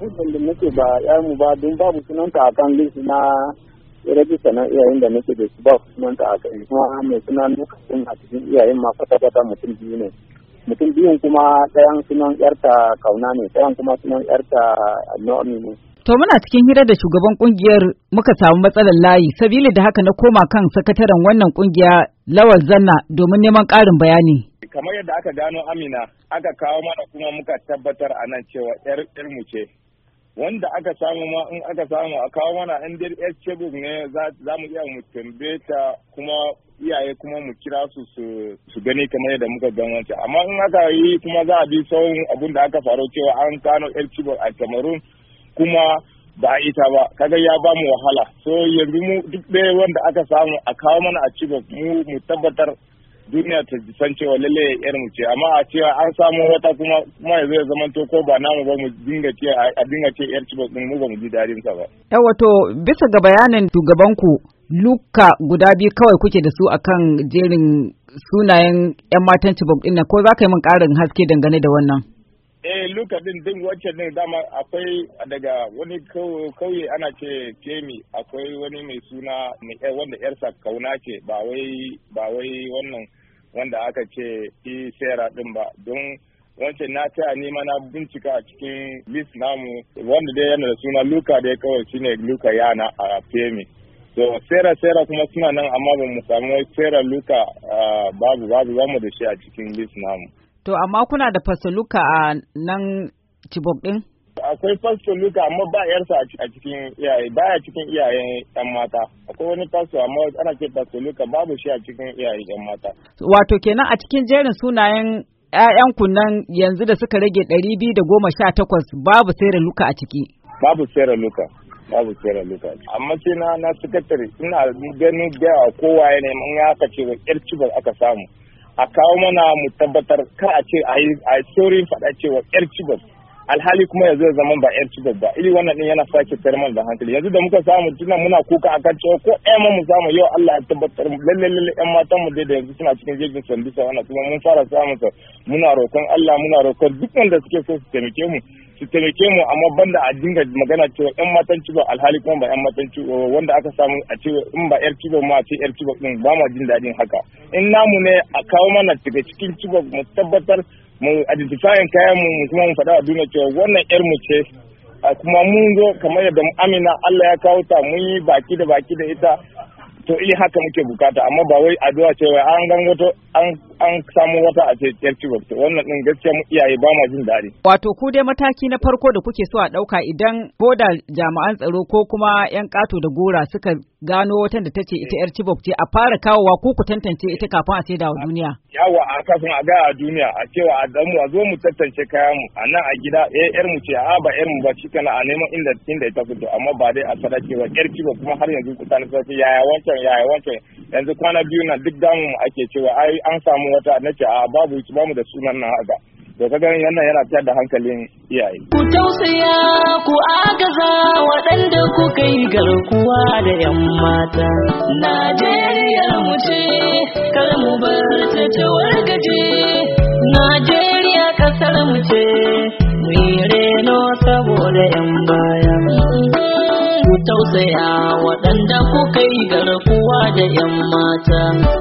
Muddin da nake ba ‘yarmu ba don babu sunanta a kan list na rajista na iyayen da nake da su babu sunanta a kan kuma mai suna lokacin a cikin iyayen ma kwata-kwata mutum biyu ne. Mutum biyun kuma ɗayan sunan ‘yarta kauna ne, ɗayan kuma sunan ‘yarta nomi ne. To muna cikin hira da shugaban kungiyar muka samu matsalar layi, sabili da haka na koma kan sakataren wannan kungiya Lawal Zanna domin neman ƙarin bayani. Kamar yadda aka gano Amina, aka kawo mana kuma muka tabbatar a nan cewa 'yar mu ce. wanda aka samu ma in aka samu a kawo mana in dai yar cebuk ne za mu iya mu tambaye ta kuma iyaye kuma mu kira su su gani kamar yadda muka gan wancan amma in aka yi kuma za a bi sauran abun da aka faru cewa an kano yar cebuk a cameroon kuma ba ita ba kaga ya ba mu wahala so yanzu mu duk ɗaya wanda aka samu a kawo mana a cibok mu mu tabbatar duniya ta san cewa lalle yar mu ce amma a cewa an samu wata kuma kuma yanzu ya zama to ko ba namu ba mu dinga ce a dinga ce yar cibok din mu ba mu ji dadin sa ba yawa to bisa ga bayanan shugaban ku luka guda biyu kawai kuke da su akan jerin sunayen yan matan cibok din ko za ka yi min karin haske dangane da wannan eh luka din din wacce ne dama akwai daga wani kauye ana ce kemi akwai wani mai suna eh, wanda yarsa kauna ce ba wai ba wai wannan wanda aka ce i sera din ba don wancan na taya ni ma na bincika a cikin list namu wanda dai yana da suna luka dai kawai shine luka yana a femi so sera sera kuma suna nan amma ba mu samu sera luka babu babu zamu da shi a cikin list namu to amma kuna da fasaluka a nan cibok din akwai pastor luka amma ba yarsa a cikin iyaye baya cikin iyayen yan mata akwai wani pastor amma ana ce pastor luka babu shi a cikin iyaye yan mata wato kenan a cikin jerin sunayen ƴaƴan kunnan yanzu da suka rage ɗari biyu da goma sha takwas babu sera luka a ciki babu sera luka babu sera luka amma sai na na sakatare ina ganin da kowa ne in aka ce wa yar cibar aka samu a kawo mana mu tabbatar kar a ce a yi saurin faɗa cewa yar cibar". alhali kuma yanzu ya zama ba yar cikas ba iri wannan din yana sake tarman da hankali yanzu da muka samu tuna muna kuka akan cewa ko ɗaya ma mu samu yau Allah ya tabbatar lalle lalle ƴan matan mu da yanzu suna cikin jirgin sandisa wannan kuma mun fara samun sa muna roƙon Allah muna roƙon duk wanda suke so su taimake mu su taimake mu amma banda a dinga magana cewa ƴan matan cibo alhali kuma ba ƴan matan cibo wanda aka samu a ce in ba ƴar cibo ma a ce ƴar cibo din ba ma jin daɗin haka in namu ne a kawo mana daga cikin cibo mu tabbatar mu identifyin kayan mu kuma mu faɗa a duniya cewa wannan yar mu ce kuma mun zo kamar yadda amina Allah ya kawo ta mun yi baki da baki da ita to ili eh, haka muke bukata amma ba wai addu'a cewa an gangoto an an samu wata a cikin ciwon wannan din gaskiya mu iyaye ba ma jin daɗi. Wato ku dai mataki na farko da kuke so a ɗauka idan ko da jami'an tsaro ko kuma 'yan ƙato da gora suka gano watan da ta ce ita 'yar cibok ce a fara kawowa ko ku tantance ita kafin a saida wa duniya. Yawa a kafin a gaya a duniya a cewa a damu a zo mu tantance kayan mu a nan a gida eh 'yar mu ce a ba 'yar mu ba shi a neman inda inda ita fito amma ba dai a fada cewa 'yar cibok kuma har yanzu kusa na yaya wancan yaya wancan yanzu kwana biyu na duk damu ake cewa ai an samu wata na ce a babu ba mu da sunan nan haka da ka gani yana yana fitar da hankalin iyaye ku tausaya ku agaza waɗanda ku kai garkuwa da yan mata Najeriya mu ce kar mu bar ta ta wargaje Najeriya kasar mu ce mu yi reno saboda yan baya ku tausaya waɗanda ku kai garkuwa da yan mata